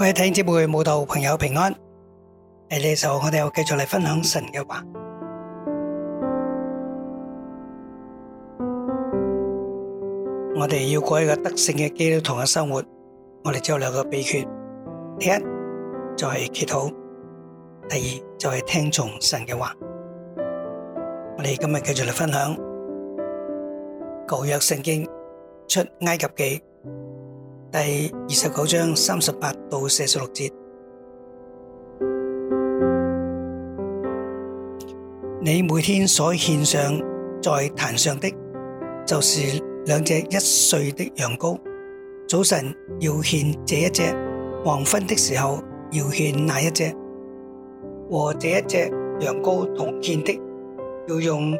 各位聽眾、會、信徒、朋友平安。喺呢時候，我哋又繼續嚟分享神嘅話。我哋要過一個得勝嘅基督徒嘅生活，我哋只有兩個秘訣：第一就係祈禱，第二就係聽從神嘅話。我哋今日繼續嚟分享舊約聖經出埃及記。第二十九章三十八到四十六節，你每天所獻上在壇上的，就是兩隻一歲的羊羔。早晨要獻這一隻，黃昏的時候要獻那一隻。和這一隻羊羔同獻的，要用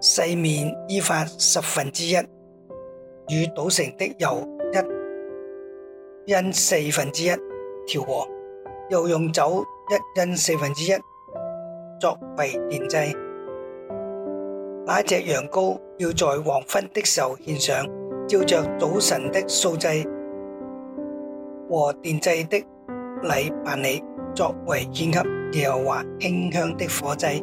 細麵依法十分之一。與賭成的油一,一,一因四分之一調和，又用酒一因四分之一作為奠祭。那隻羊羔要在黃昏的時候獻上，照着早晨的素祭和奠祭的禮辦理，作為獻給耶和華馨香的火祭。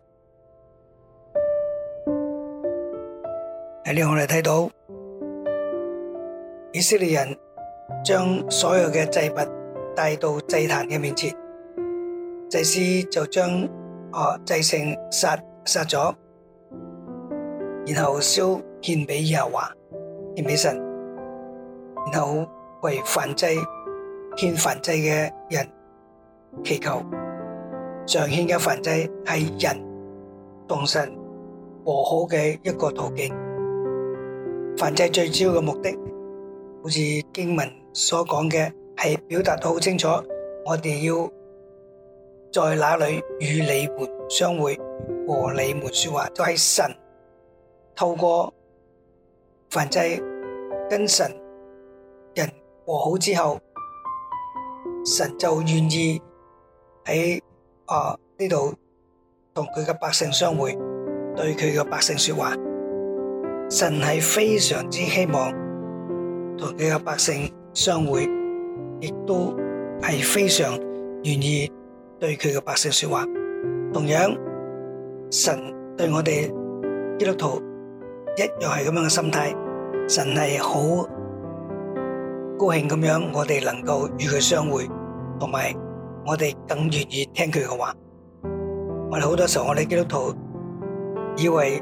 呢我哋睇到以色列人將所有嘅祭物帶到祭壇嘅面前，祭司就將哦祭牲殺殺咗，然後燒獻俾耶華，獻俾神，然後為燔祭獻燔祭嘅人祈求。上獻嘅燔祭係人同神和好嘅一個途徑。燔祭最主要嘅目的，好似經文所講嘅，係表達得好清楚。我哋要在那裡與你們相會，和你們說話，就係、是、神透過燔祭跟神人和好之後，神就願意喺啊呢度同佢嘅百姓相會，對佢嘅百姓說話。神係非常之希望同佢嘅百姓相會，亦都係非常願意對佢嘅百姓說話。同樣，神對我哋基督徒一樣係咁樣嘅心態。神係好高興咁樣，我哋能夠與佢相會，同埋我哋更願意聽佢嘅話。我哋好多時候，我哋基督徒以為。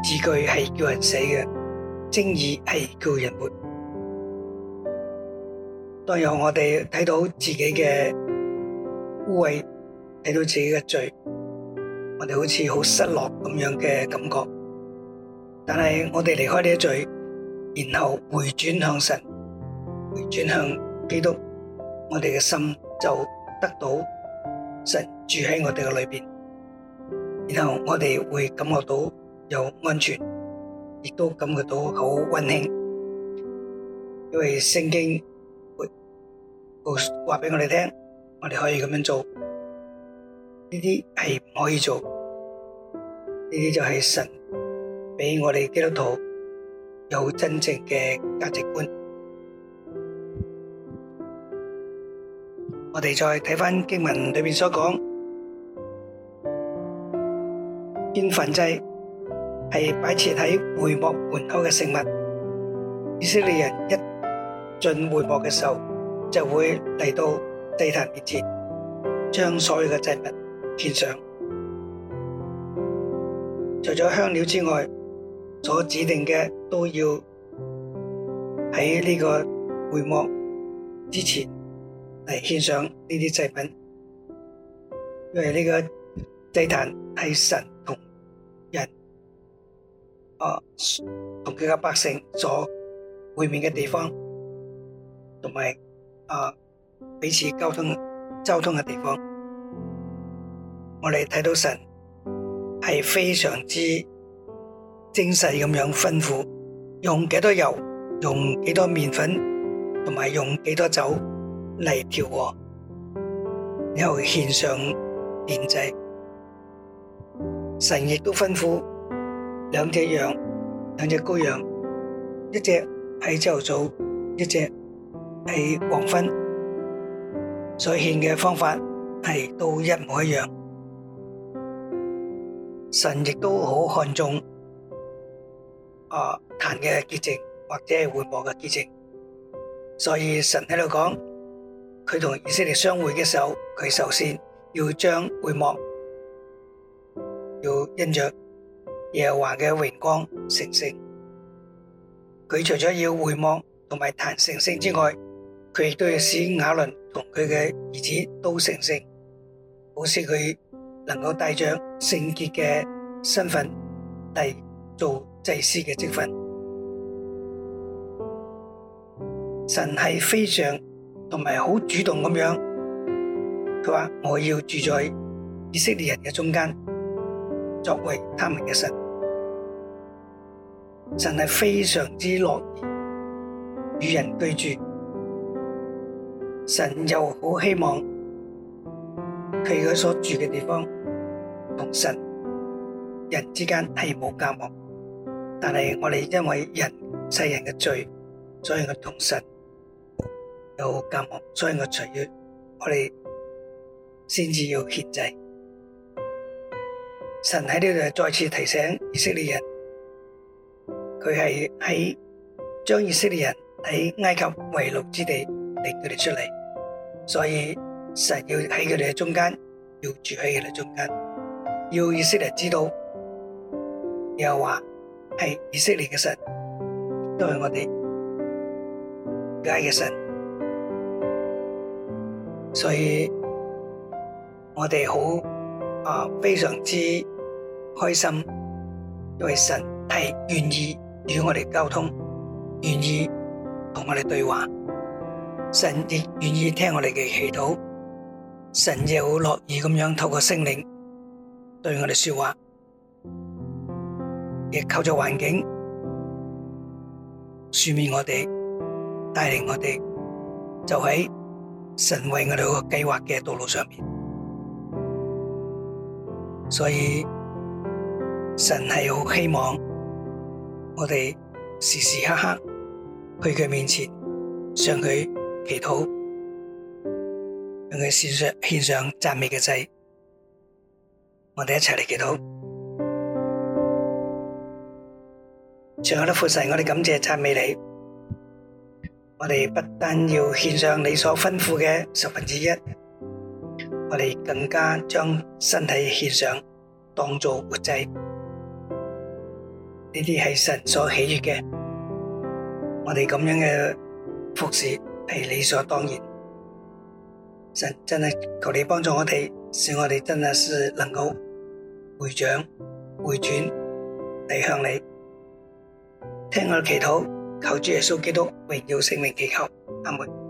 字句係叫人死嘅，精意係叫人活。當有我哋睇到自己嘅污穢，睇到自己嘅罪，我哋好似好失落咁樣嘅感覺。但係我哋離開呢一罪，然後回轉向神，回轉向基督，我哋嘅心就得到神住喺我哋嘅裏邊，然後我哋會感覺到。又安全，亦都感覺到好溫馨。因為聖經會話俾我哋聽，我哋可以咁樣做，呢啲係唔可以做。呢啲就係神俾我哋基督徒有真正嘅價值觀。我哋再睇返經文裏面所講，煙焚祭。係擺設喺會幕門口嘅食物，以色列人一進會幕嘅時候，就會嚟到祭壇面前，將所有嘅祭品獻上。除咗香料之外，所指定嘅都要喺呢個會幕之前嚟獻上呢啲祭品，因為呢個祭壇係神，誒，同佢嘅百姓所會面嘅地方，同埋誒彼此溝通、交通嘅地方，我哋睇到神係非常之精細咁樣吩咐，用幾多油，用幾多麵粉，同埋用幾多酒嚟調和，然後獻上奠祭，神亦都吩咐。兩隻羊，兩隻羔羊，一隻喺朝頭早，一隻喺黃昏，所獻嘅方法係都一模一樣。神亦都好看重啊壇嘅潔淨或者係會幕嘅潔淨，所以神喺度講，佢同以色列相會嘅時候，佢首先要將會幕要恩約。耶和華嘅榮光成聖，佢除咗要回望同埋談成聖之外，佢亦都要使亞倫同佢嘅兒子都成聖，好使佢能夠帶着聖潔嘅身份嚟做祭司嘅職分。神係非常同埋好主動咁樣，佢話我要住在以色列人嘅中間，作為他們嘅神。神係非常之樂意與人居住，神又好希望佢所住嘅地方同神人之間係冇隔膜，但係我哋因為人世人嘅罪，所以我同神有隔膜，所以我就要我哋先至要獻祭。神喺呢度再次提醒以色列人。佢係喺將以色列人喺埃及為奴之地領佢哋出嚟，所以神要喺佢哋嘅中間，要住喺佢哋中間，要以色列知道，又話係以色列嘅神，都係我哋而家嘅神，所以我哋好啊，非常之開心，因為神係願意。與我哋溝通，願意同我哋對話，神亦願意聽我哋嘅祈禱，神亦好樂意咁樣透過聖靈對我哋說話，亦靠住環境，樹面我哋，帶領我哋，就喺神為我哋個計劃嘅道路上面，所以神係好希望。我哋時時刻刻去佢面前向佢祈禱，向佢獻上獻上讚美嘅祭。我哋一齊嚟祈禱。所有嘅服侍，我哋感謝讚美你。我哋不單要獻上你所吩咐嘅十分之一，我哋更加將身體獻上，當作活祭。呢啲係神所喜悅嘅，我哋咁樣嘅服侍係理所當然。神真係求你幫助我哋，使我哋真係是能夠回轉、回轉嚟向你。聽我祈禱，求主耶穌基督榮耀聖名祈求阿門。